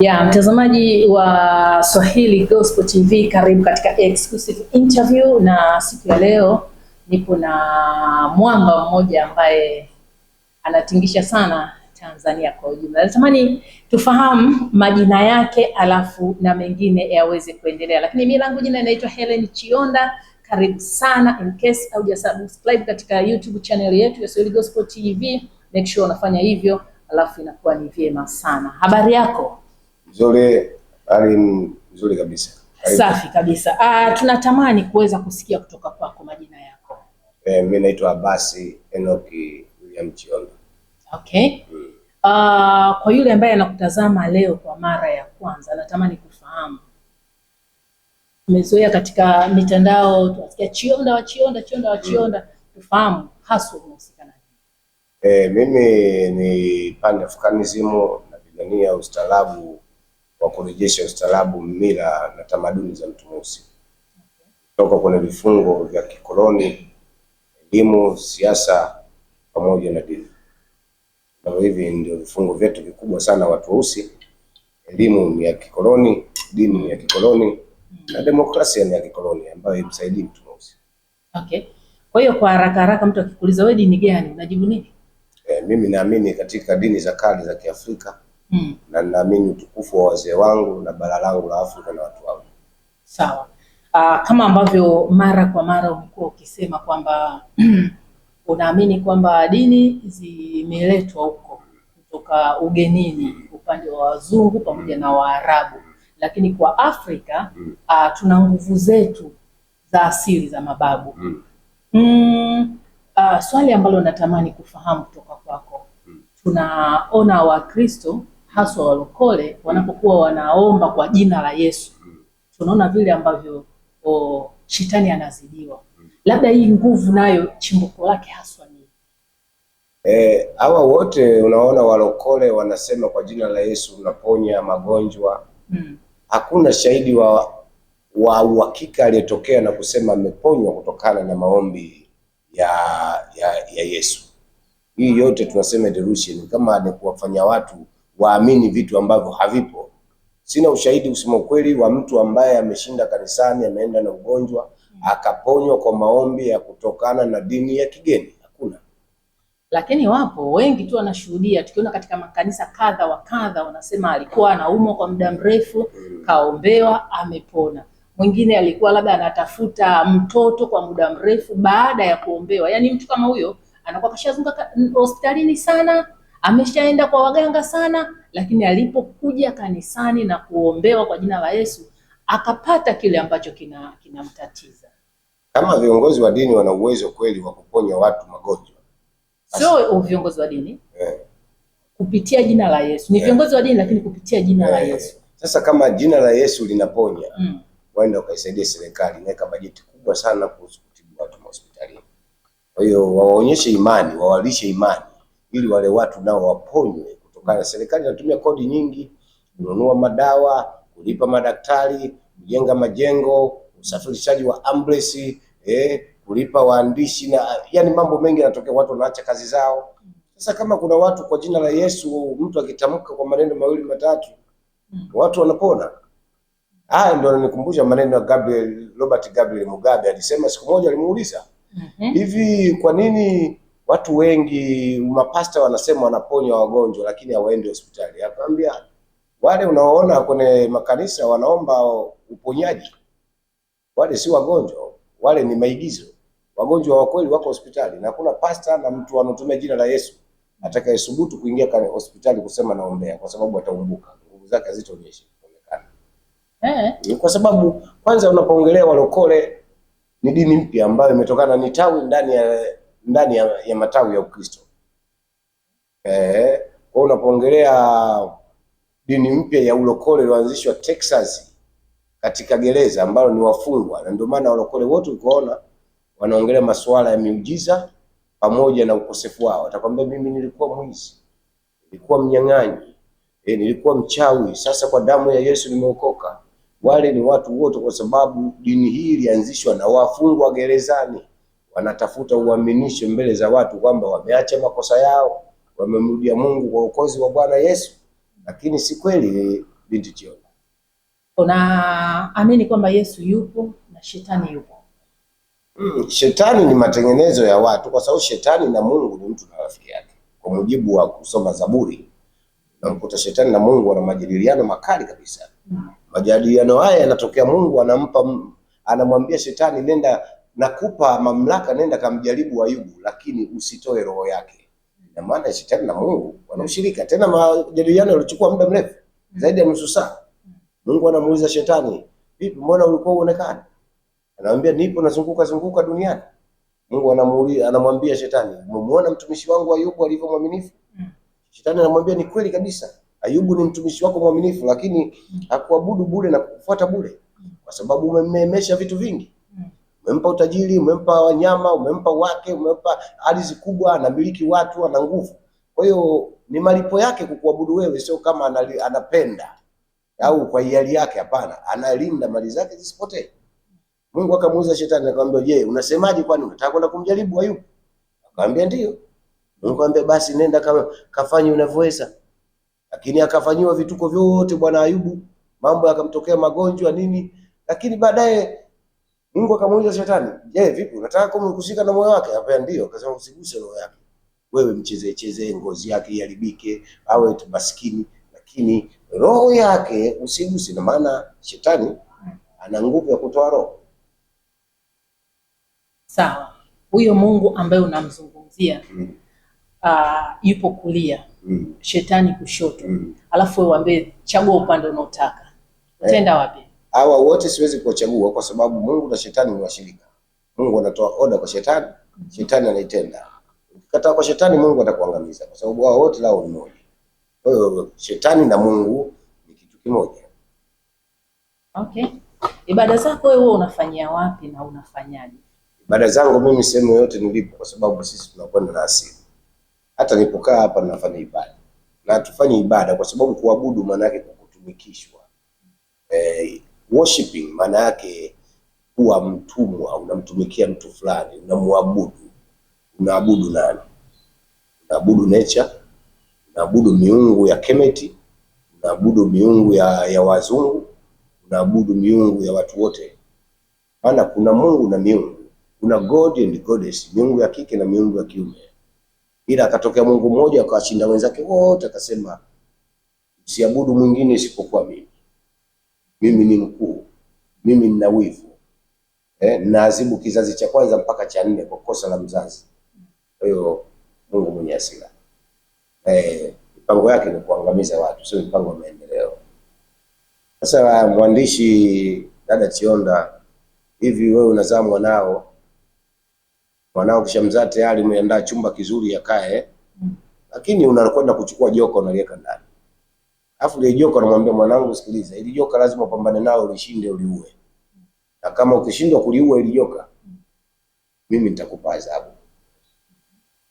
Ya mtazamaji wa Swahili Gospel TV, karibu katika exclusive interview, na siku ya leo nipo na mwamba mmoja ambaye anatingisha sana Tanzania kwa ujumla. Natamani tufahamu majina yake, alafu na mengine yaweze kuendelea, lakini mimi langu jina inaitwa Helen Chionda. Karibu sana. In case au subscribe katika YouTube channel yetu ya Swahili Gospel TV, make sure unafanya hivyo, alafu inakuwa ni vyema sana. Habari yako? Zole ali nzuri kabisa. Safi kabisa. Ah, tunatamani kuweza kusikia kutoka kwako majina yako. Eh, mimi naitwa Abasi Enoki William Chiondo. Okay. Hmm. Ah, kwa yule ambaye anakutazama leo kwa mara ya kwanza anatamani kufahamu. Umezoea katika mitandao tunasikia Chionda wa Chionda, Chionda wa mm. Chionda, hmm. Tufahamu hasa unahusika na nini? Eh, mimi ni Pan Africanism napigania ustaarabu wa kurejesha ustaarabu, mila na tamaduni za mtu mweusi kutoka kwenye vifungo vya kikoloni, elimu, siasa pamoja na dini. Kwa hivi ndio vifungo vyetu vikubwa sana watu weusi. Elimu ni ya kikoloni, dini ni ya kikoloni na demokrasia ni ya kikoloni ambayo imsaidii mtu mweusi. Okay. Kwa hiyo kwa haraka haraka mtu akikuuliza wewe dini gani, unajibu nini? Eh, mimi naamini katika dini za kale za Kiafrika Hmm. na ninaamini utukufu wa wazee wangu na bara langu la Afrika na watu wangu. Sawa. Uh, kama ambavyo mara kwa mara umekuwa ukisema kwamba unaamini kwamba dini zimeletwa huko kutoka ugenini upande wa wazungu pamoja na Waarabu, lakini kwa Afrika mm. tuna nguvu zetu za asili za mababu mm. Mm, swali ambalo natamani kufahamu kutoka kwako, hmm. tunaona Wakristo haswa walokole wanapokuwa wanaomba kwa jina la Yesu, tunaona vile ambavyo o, shetani anazidiwa. Labda hii nguvu nayo chimbuko lake haswa ni eh, hawa wote unaona, walokole wanasema kwa jina la Yesu unaponya magonjwa hmm. Hakuna shahidi wa wa uhakika aliyetokea na kusema ameponywa kutokana na maombi ya ya, ya Yesu. Hii yote tunasema delusion, kama ni kuwafanya watu waamini vitu ambavyo havipo. Sina ushahidi kusema ukweli wa mtu ambaye ameshinda kanisani, ameenda na ugonjwa akaponywa kwa maombi ya kutokana na dini ya kigeni, hakuna. Lakini wapo wengi tu wanashuhudia, tukiona katika makanisa kadha wa kadha, wanasema alikuwa anaumwa kwa muda mrefu, hmm. kaombewa, amepona. Mwingine alikuwa labda anatafuta mtoto kwa muda mrefu baada ya kuombewa. Yaani mtu kama huyo anakuwa kashazunguka hospitalini sana Ameshaenda kwa waganga sana, lakini alipokuja kanisani na kuombewa kwa jina la Yesu akapata kile ambacho kinamtatiza. Kina kama viongozi wa dini wana uwezo kweli wa kuponya watu magonjwa, sio oh, viongozi wa dini yeah. kupitia jina la Yesu ni yeah. viongozi wa dini lakini kupitia jina yeah. la eh. Yesu. Sasa kama jina la Yesu linaponya mm. waenda ukaisaidia serikali, inaweka bajeti kubwa sana kuhusu kutibu watu mahospitalini. Kwa hiyo wawaonyeshe imani, wawalishe imani ili wale watu nao waponywe kutokana. Serikali inatumia kodi nyingi kununua madawa, kulipa madaktari, kujenga majengo, usafirishaji wa ambulance, eh, kulipa waandishi na yani mambo mengi yanatokea, watu wanaacha kazi zao. Sasa kama kuna watu kwa jina la Yesu, mtu akitamka kwa maneno mawili matatu watu wanapona. Haya ndio ananikumbusha maneno ya Gabriel, Robert Gabriel Mugabe alisema siku moja, alimuuliza mhm. hivi, kwa nini Watu wengi mapasta wanasema wanaponya wagonjwa, lakini hawaendi hospitali. Akamwambia wale unaoona kwenye makanisa wanaomba uponyaji, wale si wagonjwa, wale ni maigizo. Wagonjwa wa kweli wako hospitali, na kuna pasta na mtu anatumia jina la Yesu atakayesubutu kuingia hospitali kusema naombea, kwa sababu ataumbuka, nguvu zake hazitaonyesha kuonekana, eh? kwa sababu kwanza unapoongelea walokole ni dini mpya ambayo imetokana, ni tawi ndani ya ndani ya, ya matawi ya Ukristo. Eh, kwa unapoongelea dini mpya ya ulokole ilianzishwa Texas katika gereza ambalo ni wafungwa, na ndio maana walokole wote ukoona wanaongelea masuala ya miujiza pamoja na ukosefu wao. Atakwambia mimi nilikuwa mwizi, nilikuwa mnyang'anyi, e, nilikuwa mchawi, sasa kwa damu ya Yesu nimeokoka. Wale ni watu wote, kwa sababu dini hii ilianzishwa na wafungwa gerezani wanatafuta uaminisho mbele za watu kwamba wameacha makosa yao, wamemrudia Mungu kwa ukozi wa Bwana Yesu, lakini si kweli. Binti Chioma, unaamini kwamba Yesu yupo na shetani yupo? Mm, shetani ni matengenezo ya watu, kwa sababu shetani na Mungu ni mtu na rafiki yake, kwa mujibu wa kusoma Zaburi. Unamkuta shetani na Mungu wana majadiliano makali kabisa. Hmm. Majadiliano haya yanatokea, Mungu anampa, anamwambia shetani, nenda nakupa mamlaka, nenda kamjaribu Ayubu, lakini usitoe roho yake. Na maana shetani na Mungu wanaushirika. Tena majadiliano yalichukua muda mrefu zaidi ya nusu saa. Mungu anamuuliza shetani, vipi, mbona ulikuwa uonekana? Anamwambia nipo nazunguka zunguka duniani. Mungu anamuuliza, anamwambia shetani, umemwona mtumishi wangu Ayubu alivyo mwaminifu? Shetani anamwambia ni kweli kabisa, Ayubu ni mtumishi wako mwaminifu, lakini hakuabudu bure na kufuata bure, kwa sababu umememesha vitu vingi umempa utajiri, umempa wanyama, umempa wake, umempa ardhi kubwa, anamiliki watu, ana nguvu. Kwa hiyo ni malipo yake kukuabudu wewe, sio kama anali, anapenda au kwa hiari yake. Hapana, analinda mali zake zisipotee. Mungu akamuuliza shetani akamwambia, je, unasemaje? Kwani unataka kwenda kumjaribu Ayubu? Akamwambia ndio. Mungu akamwambia, basi nenda ka, kafanye unavyoweza. Lakini akafanyiwa vituko vyote bwana Ayubu, mambo yakamtokea magonjwa nini, lakini baadaye Mungu akamuuliza shetani, "Je, vipi unataka kumhusika na moyo wake?" Akamwambia ndio. Akasema usiguse roho yake. Wewe mcheze cheze ngozi yake iharibike, awe tu maskini, lakini roho yake usiguse na maana shetani ana nguvu ya kutoa roho. Sawa. Huyo Mungu ambaye unamzungumzia mm. uh, yupo kulia mm. shetani kushoto mm. alafu wewe uambie chagua upande unaotaka. Utaenda eh, wapi? hawa wote siwezi kuwachagua kwa sababu Mungu na shetani ni washirika. Mungu anatoa oda kwa shetani, shetani anaitenda. Ukikataa kwa shetani, Mungu atakuangamiza kwa sababu hawa wote lao ni mmoja. Kwa hiyo shetani na Mungu ni kitu kimoja. Okay. Ibada zako wewe unafanyia wapi na unafanyaje? Ibada zangu mimi sehemu yote nilipo, kwa sababu sisi tunakwenda na asili. Hata nilipokaa hapa nafanya ibada na tufanye ibada, kwa sababu kuabudu maana yake kukutumikishwa. Eh, Worshiping maana yake kuwa mtumwa, unamtumikia mtu fulani, unamwabudu. Unaabudu nani? Unaabudu nature, unaabudu miungu ya kemeti unaabudu miungu ya, ya wazungu, unaabudu miungu ya watu wote. Maana kuna Mungu na miungu, kuna God and Goddess, miungu ya kike na miungu ya kiume, ila akatokea Mungu mmoja akawashinda wenzake wote, akasema usiabudu mwingine isipokuwa mimi mimi ni mkuu, mimi nina wivu eh, naazibu kizazi cha kwanza mpaka cha nne kwa kosa la mzazi. Kwa hiyo Mungu mwenye hasira eh, mipango yake ni kuangamiza watu, sio mipango ya maendeleo. Sasa mwandishi dada Chionda, hivi wewe unazaa mwanao, mwanao kishamzaa tayari umeandaa chumba kizuri yakae, mm. lakini unakwenda kuchukua joka unaliweka ndani Alafu ile joka anamwambia mwanangu, sikiliza, ile joka lazima upambane nao, ulishinde, uliue. Na kama ukishindwa kuliua ile joka, mimi nitakupa adhabu.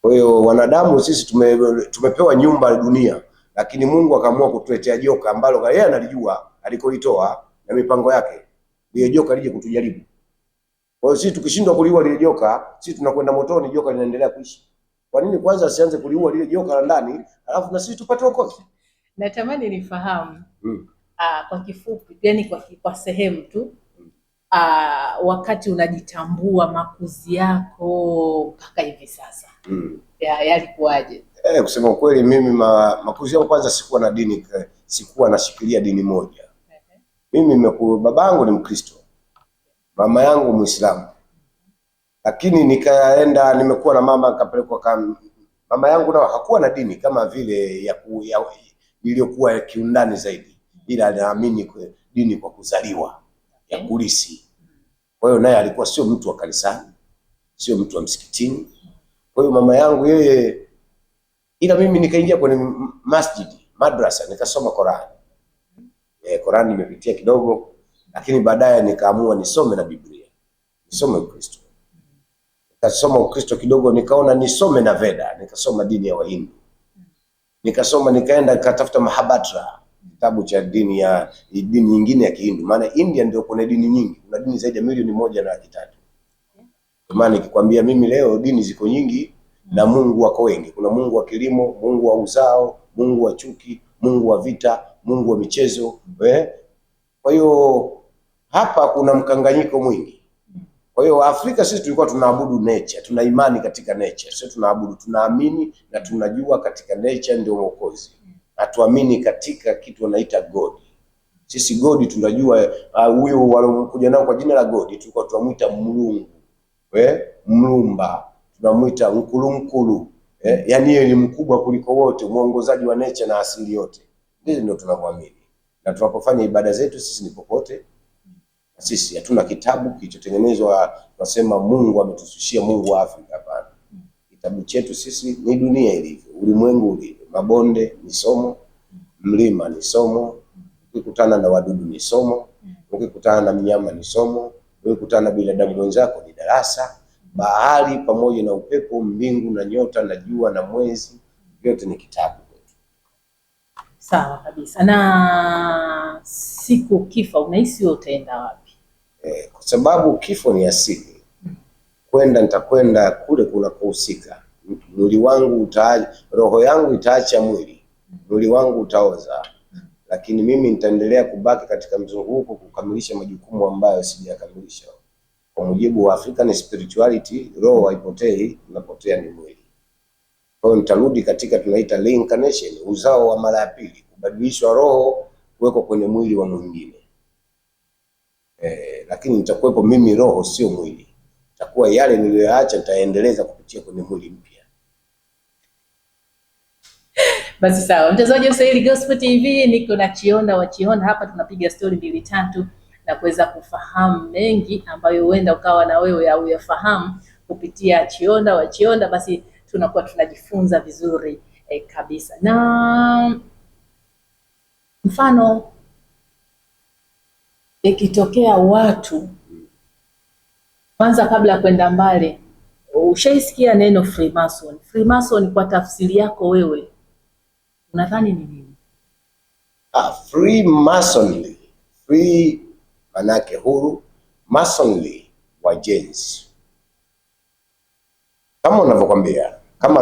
Kwa hiyo wanadamu sisi tume, tumepewa nyumba ya dunia, lakini Mungu akaamua kutuletea joka ambalo yeye analijua alikolitoa na mipango yake, ile joka lije kutujaribu. Kwa hiyo sisi tukishindwa kuliua lile joka, sisi tunakwenda motoni, joka linaendelea kuishi. Kwa nini kwanza asianze kuliua lile joka la ndani, alafu na sisi tupate wokovu? Natamani nifahamu mm. uh, kwa kifupi, yani kwa, kwa sehemu tu uh, wakati unajitambua makuzi yako mpaka hivi sasa mm. ya, yalikuwaje? Eh, kusema ukweli mimi ma, makuzi yangu kwanza sikuwa na dini, eh, sikuwa nashikilia dini moja Mimi baba yangu ni Mkristo, mama yangu Muislamu, lakini nikaenda nimekuwa na mama nikapelekwa kama mama yangu nao hakuwa na dini kama vile ya, ku, ya iliyokuwa ya kiundani zaidi, ila anaamini dini kwa kuzaliwa ya kulisi. Kwa hiyo naye alikuwa sio mtu wa kanisani, sio mtu wa msikitini. Kwa hiyo mama yangu yeye, ila mimi nikaingia kwenye masjid madrasa, nikasoma Qur'an. Eh, Qur'an nimepitia kidogo, lakini baadaye nikaamua nisome na Biblia, nisome Ukristo. Nikasoma Ukristo kidogo, nikaona nisome na Veda, nikasoma dini ya Wahindi nikasoma nikaenda nikatafuta Mahabharata, kitabu cha dini ya dini nyingine ya Kihindu, maana India ndio kuna dini nyingi, kuna dini zaidi ya milioni moja na laki tatu. Maana nikikwambia mimi leo dini ziko nyingi na Mungu wako wengi. Kuna Mungu wa kilimo, Mungu wa uzao, Mungu wa chuki, Mungu wa vita, Mungu wa michezo. Eh? Kwa hiyo hapa kuna mkanganyiko mwingi. Kwa hiyo Afrika sisi tulikuwa tunaabudu nature, tuna imani katika nature. Sisi tunaabudu, tunaamini na tunajua katika nature ndio mwokozi. Hatuamini katika kitu wanaita god. Sisi god tunajua ah, huyo uh, waliokuja nao kwa jina la god tulikuwa tunamuita mlungu. Eh, mlumba. Tunamwita mkulunkulu. Eh, yani yeye ni mkubwa kuliko wote, mwongozaji wa nature na asili yote. ndio tunamwamini. Na tunapofanya ibada zetu sisi ni popote na sisi hatuna kitabu kilichotengenezwa, tunasema Mungu ametususia Mungu wa Afrika. Hapana, kitabu chetu sisi ni dunia ilivyo, ulimwengu ulivyo. Mabonde ni somo, mlima ni somo, ukikutana na wadudu ni somo, ukikutana na mnyama ni somo, ukikutana na binadamu wenzako ni darasa. Bahari pamoja na upepo, mbingu na nyota na jua na mwezi, vyote ni kitabu. Sawa kabisa. Na siku kifa, unahisi wewe utaenda wapi? eh, kwa sababu kifo ni asili. Kwenda nitakwenda kule kuhusika Mwili wangu uta, roho yangu itaacha mwili, mwili wangu utaoza, lakini mimi nitaendelea kubaki katika mzunguko kukamilisha majukumu ambayo sijakamilisha. Kwa mujibu wa African spirituality, roho haipotei, unapotea ni mwili. Kwa hiyo nitarudi katika tunaita reincarnation, uzao wa mara ya pili, kubadilishwa roho kuwekwa kwenye mwili wa mwingine eh, lakini nitakuwepo mimi roho, sio mwili. Takuwa yale niliyoacha nitaendeleza kupitia kwenye mwili mpya. Basi sawa, mtazamaji wa Swahili Gospel TV, niko na Chiona wa Chiona hapa, tunapiga stori mbili tatu na kuweza kufahamu mengi ambayo huenda ukawa na wewe au yafahamu kupitia Chiona wa Chiona. Basi tunakuwa tunajifunza vizuri eh, kabisa na mfano ikitokea watu kwanza, kabla ya kwenda mbali, ushaisikia neno Freemason. Freemason kwa tafsiri yako wewe unadhani ni nini? Ah, Freemason, free manake huru, masonly wajenzi, kama unavyokwambia kama